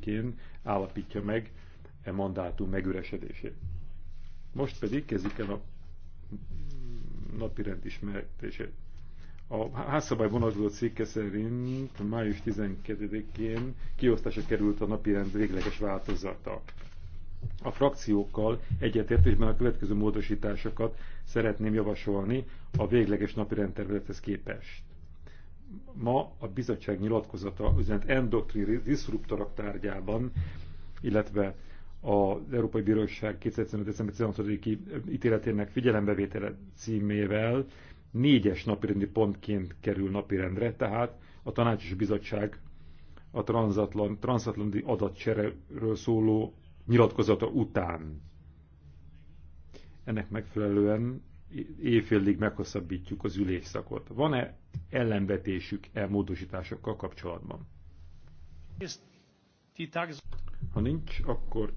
kén állapítja meg e mandátum megüresedését. Most pedig kezdik el a rend ismertését. A házszabály vonatkozó cikke szerint május 12-én kiosztása került a napirend végleges változata. A frakciókkal egyetértésben a következő módosításokat szeretném javasolni a végleges napi rendtervezethez képest ma a bizottság nyilatkozata üzenet endokrin diszruptorok tárgyában, illetve az Európai Bíróság 2015. december 16 ítéletének figyelembevétele címével négyes napirendi pontként kerül napirendre, tehát a Tanács és Bizottság a transatlant, transatlanti adatcsereről szóló nyilatkozata után. Ennek megfelelően évfélig meghosszabbítjuk az ülésszakot. Van-e ellenvetésük e módosításokkal kapcsolatban? Ha nincs, akkor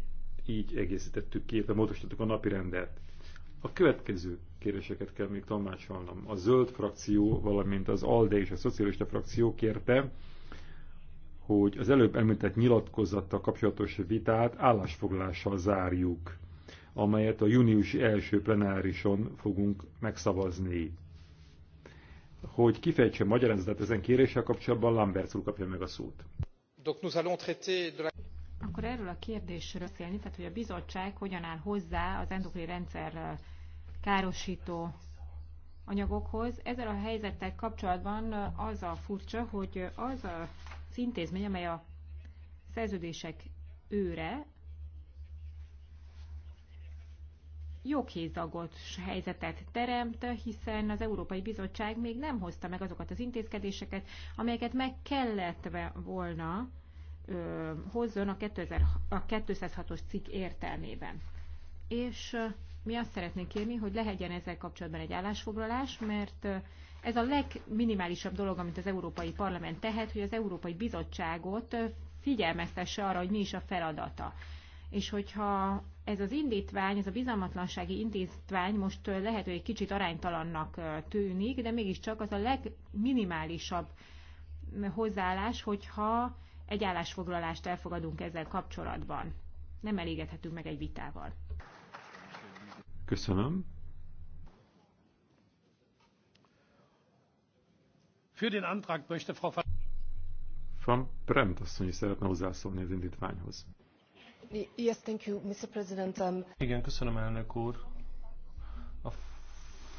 így egészítettük ki, illetve módosítottuk a napi rendet. A következő kéréseket kell még tanácsolnom: A zöld frakció, valamint az ALDE és a szocialista frakció kérte, hogy az előbb említett nyilatkozattal kapcsolatos vitát állásfoglással zárjuk amelyet a júniusi első plenárison fogunk megszavazni. Hogy kifejtse magyarázatát ezen kéréssel kapcsolatban, Lambert úr kapja meg a szót. Akkor erről a kérdésről beszélni, tehát hogy a bizottság hogyan áll hozzá az endokrin rendszer károsító anyagokhoz. Ezzel a helyzettel kapcsolatban az a furcsa, hogy az a intézmény, amely a szerződések őre, joghézagot helyzetet teremt, hiszen az Európai Bizottság még nem hozta meg azokat az intézkedéseket, amelyeket meg kellett volna ö, hozzon a, 2000, a 206-os cikk értelmében. És mi azt szeretnénk kérni, hogy lehegyen ezzel kapcsolatban egy állásfoglalás, mert ez a legminimálisabb dolog, amit az Európai Parlament tehet, hogy az Európai Bizottságot figyelmeztesse arra, hogy mi is a feladata és hogyha ez az indítvány, ez a bizalmatlansági indítvány most lehet, hogy egy kicsit aránytalannak tűnik, de mégiscsak az a legminimálisabb hozzáállás, hogyha egy állásfoglalást elfogadunk ezzel kapcsolatban. Nem elégedhetünk meg egy vitával. Köszönöm. Für den Antrag möchte Frau van asszony szeretne hozzászólni az indítványhoz. Yes, thank you, Mr. President. Um... Igen, köszönöm, elnök úr. A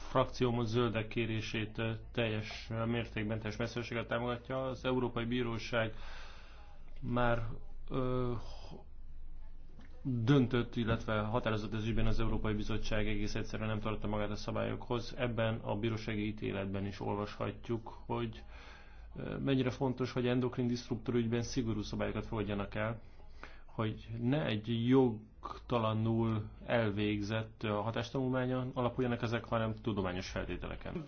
frakcióm a zöldek kérését teljes mértékben, teljes messzőséget támogatja. Az Európai Bíróság már ö, döntött, illetve határozott az ügyben az Európai Bizottság egész egyszerűen nem tartotta magát a szabályokhoz. Ebben a bírósági ítéletben is olvashatjuk, hogy mennyire fontos, hogy endokrin disruptor ügyben szigorú szabályokat fogadjanak el hogy ne egy jogtalanul elvégzett hatástanulmányon alapuljanak ezek, hanem tudományos feltételeken.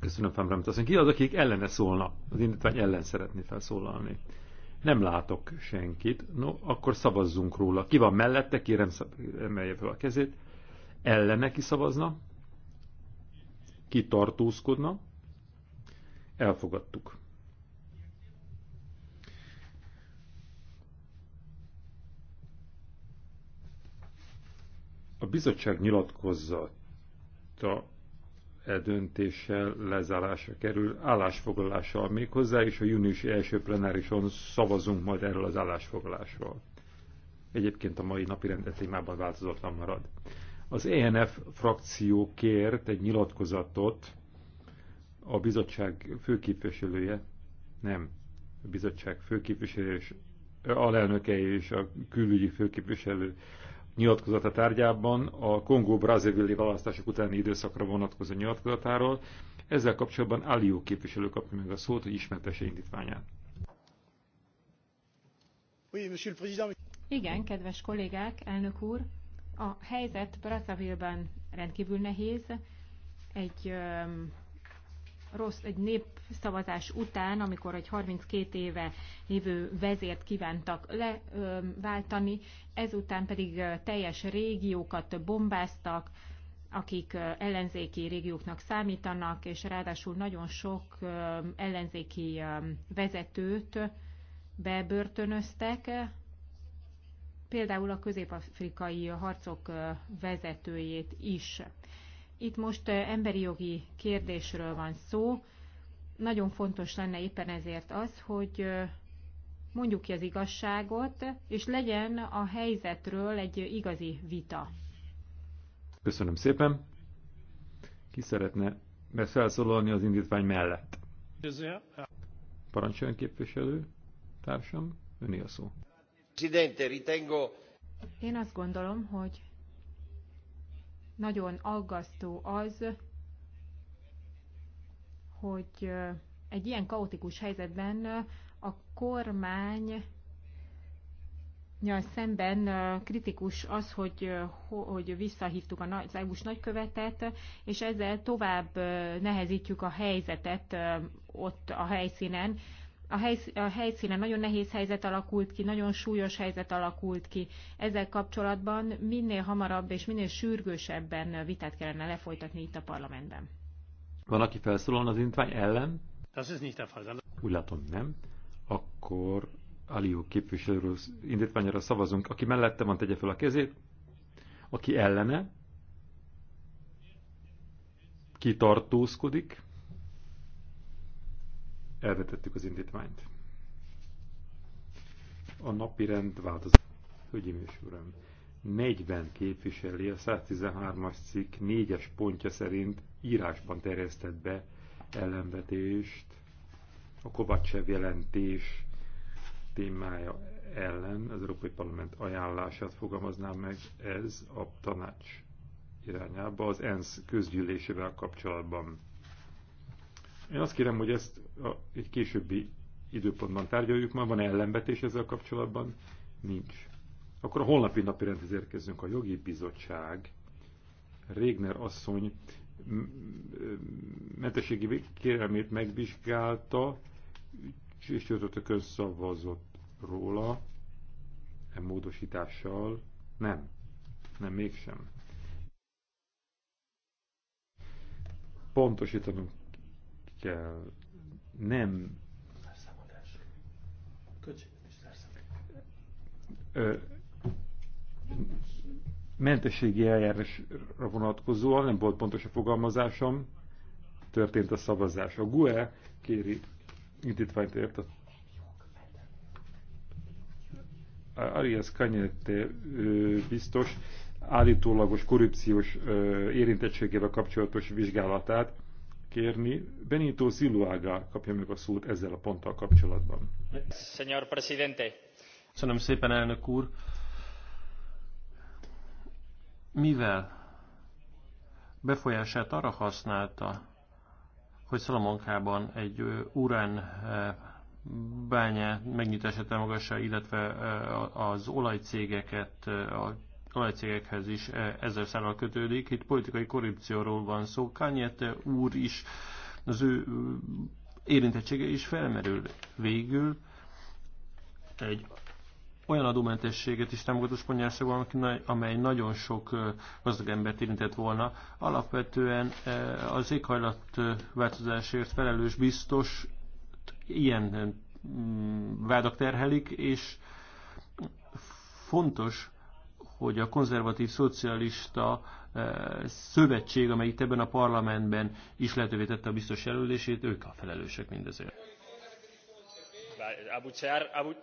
Köszönöm, Femrem. Azt ki az, akik ellene szólna? Az indítvány ellen szeretné felszólalni. Nem látok senkit. No, akkor szavazzunk róla. Ki van mellette? Kérem, emelje fel a kezét. Ellene ki szavazna? Ki tartózkodna? Elfogadtuk. bizottság nyilatkozata e döntéssel lezárásra kerül állásfoglalással még hozzá, és a júniusi első plenárison szavazunk majd erről az állásfoglalásról. Egyébként a mai napi rendet témában változatlan marad. Az ENF frakció kért egy nyilatkozatot a bizottság főképviselője, nem, a bizottság főképviselője és alelnöke és a külügyi főképviselő nyilatkozata tárgyában a kongó brazilvilli választások utáni időszakra vonatkozó nyilatkozatáról. Ezzel kapcsolatban Alió képviselő kapja meg a szót, hogy ismertesse indítványát. Igen, kedves kollégák, elnök úr, a helyzet Brazzavilleben rendkívül nehéz. Egy um, rossz, egy nép szavazás után, amikor egy 32 éve lévő vezért kívántak leváltani, ezután pedig teljes régiókat bombáztak, akik ellenzéki régióknak számítanak, és ráadásul nagyon sok ellenzéki vezetőt bebörtönöztek, például a közép-afrikai harcok vezetőjét is. Itt most emberi jogi kérdésről van szó, nagyon fontos lenne éppen ezért az, hogy mondjuk ki az igazságot, és legyen a helyzetről egy igazi vita. Köszönöm szépen. Ki szeretne mert felszólalni az indítvány mellett? Parancsoljon képviselő társam, öné a szó. Én azt gondolom, hogy nagyon aggasztó az, hogy egy ilyen kaotikus helyzetben a kormány szemben kritikus az, hogy, hogy visszahívtuk az EU-s nagykövetet, és ezzel tovább nehezítjük a helyzetet ott a helyszínen. A, a helyszínen nagyon nehéz helyzet alakult ki, nagyon súlyos helyzet alakult ki. Ezzel kapcsolatban minél hamarabb és minél sürgősebben vitát kellene lefolytatni itt a parlamentben. Van, aki felszólal az indítvány ellen? Das ist nicht der Fall. Úgy látom, nem. Akkor Alió képviselő indítványra szavazunk. Aki mellette van, tegye fel a kezét. Aki ellene, ki tartózkodik, elvetettük az indítványt. A napi rend változott. Hölgyeim és Uram! 40 képviseli a 113-as cikk 4-es pontja szerint írásban terjesztett be ellenvetést a Kovacsev jelentés témája ellen, az Európai Parlament ajánlását fogalmazná meg ez a tanács irányába, az ENSZ közgyűlésével kapcsolatban. Én azt kérem, hogy ezt a, egy későbbi időpontban tárgyaljuk, már van ellenvetés ezzel kapcsolatban? Nincs. Akkor a holnapi napi rendhez érkezünk A jogi bizottság Régner asszony mentességi kérelmét megvizsgálta, és csütörtökön szavazott róla, e módosítással nem, nem mégsem. Pontosítanunk kell, nem. Ö, mentességi eljárásra vonatkozóan, nem volt pontos a fogalmazásom, történt a szavazás. A GUE kéri indítványt ért a Arias Kanyete biztos állítólagos korrupciós érintettségével kapcsolatos vizsgálatát kérni. Benito Ziluaga kapja meg a szót ezzel a ponttal kapcsolatban. Señor Presidente. Köszönöm szépen, elnök úr mivel befolyását arra használta, hogy Szalamonkában egy urán bánya megnyitását támogassa, illetve az olajcégeket, a olajcégekhez is ezzel szállal kötődik. Itt politikai korrupcióról van szó. Kanyete úr is, az ő érintettsége is felmerül végül. Egy olyan adómentességet is támogatott Spanyolországban, amely nagyon sok gazdag embert érintett volna. Alapvetően az éghajlatváltozásért felelős biztos ilyen vádak terhelik, és fontos, hogy a konzervatív szocialista szövetség, amely itt ebben a parlamentben is lehetővé tette a biztos jelölését, ők a felelősek mindezért abuchear, abu...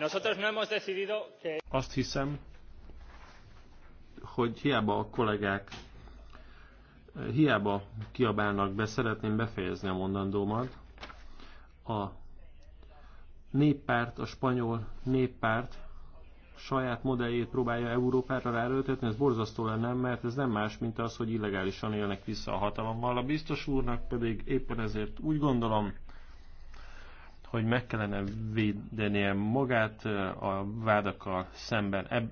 Nosotros no hemos decidido que... Azt hiszem, hogy hiába a kollégák hiába kiabálnak be, szeretném befejezni a mondandómat. A néppárt, a spanyol néppárt saját modelljét próbálja Európára ráöltetni, ez borzasztó lenne, mert ez nem más, mint az, hogy illegálisan élnek vissza a hatalommal. A biztos úrnak pedig éppen ezért úgy gondolom, hogy meg kellene védenie magát a vádakkal szemben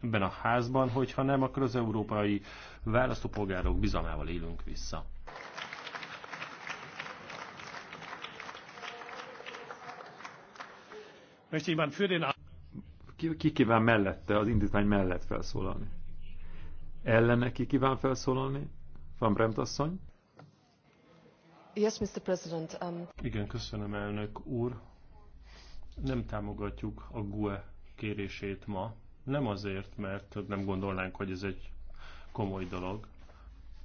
ebben a házban, hogyha nem, akkor az európai választópolgárok bizalmával élünk vissza. Ki, ki kíván mellette, az indítvány mellett felszólalni? Ellene ki kíván felszólalni? Van Bremt asszony? Yes, Mr. President. Um... Igen, köszönöm, elnök úr. Nem támogatjuk a GUE kérését ma. Nem azért, mert nem gondolnánk, hogy ez egy komoly dolog.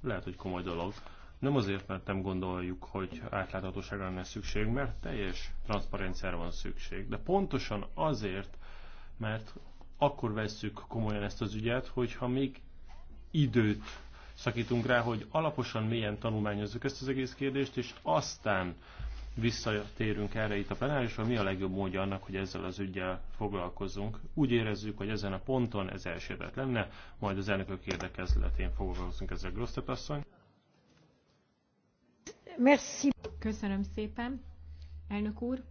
Lehet, hogy komoly dolog. Nem azért, mert nem gondoljuk, hogy átláthatóságra lenne szükség, mert teljes transzparenciára van szükség. De pontosan azért, mert akkor vesszük komolyan ezt az ügyet, hogyha még időt szakítunk rá, hogy alaposan mélyen tanulmányozzuk ezt az egész kérdést, és aztán visszatérünk erre itt a plenárisra, mi a legjobb módja annak, hogy ezzel az ügyel foglalkozzunk. Úgy érezzük, hogy ezen a ponton ez elsőbbet lenne, majd az elnökök érdekezletén foglalkozunk ezzel Grosztep asszony. Köszönöm szépen, elnök úr.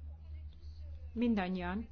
Mindannyian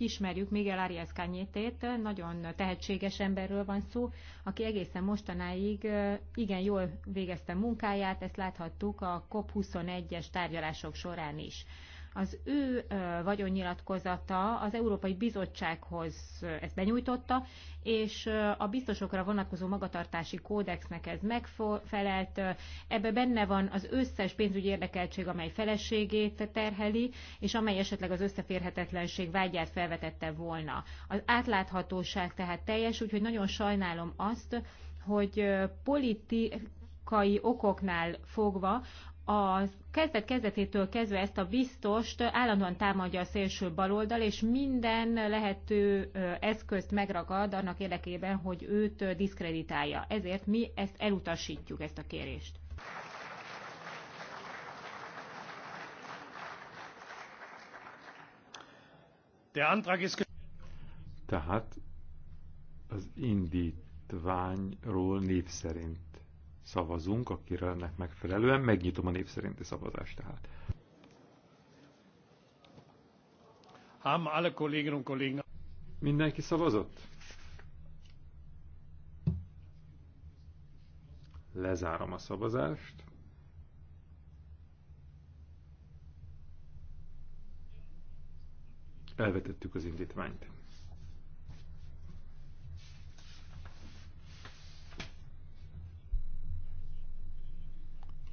ismerjük Miguel Arias Kanyétét, nagyon tehetséges emberről van szó, aki egészen mostanáig igen jól végezte munkáját, ezt láthattuk a COP21-es tárgyalások során is. Az ő vagyonnyilatkozata az Európai Bizottsághoz ezt benyújtotta, és a biztosokra vonatkozó magatartási kódexnek ez megfelelt. Ebbe benne van az összes pénzügyi érdekeltség, amely feleségét terheli, és amely esetleg az összeférhetetlenség vágyát felvetette volna. Az átláthatóság tehát teljes, úgyhogy nagyon sajnálom azt, hogy politi politikai okoknál fogva a kezdet-kezdetétől kezdve ezt a biztost állandóan támadja a szélső baloldal, és minden lehető eszközt megragad annak érdekében, hogy őt diszkreditálja. Ezért mi ezt elutasítjuk, ezt a kérést. Tehát az indítványról név szerint szavazunk, akire ennek megfelelően. Megnyitom a név szerinti szavazást tehát. Ám alle Kolleginnen und Mindenki szavazott? Lezárom a szavazást. Elvetettük az indítványt.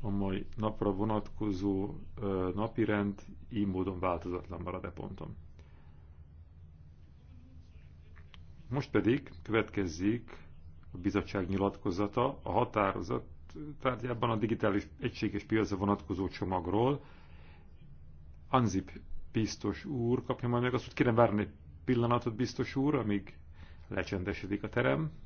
a mai napra vonatkozó napirend így módon változatlan marad-e ponton. Most pedig következzék a bizottság nyilatkozata a határozat tárgyában a digitális egységes piacra vonatkozó csomagról. Anzip biztos úr kapja majd meg azt, hogy kérem várni egy pillanatot biztos úr, amíg lecsendesedik a terem.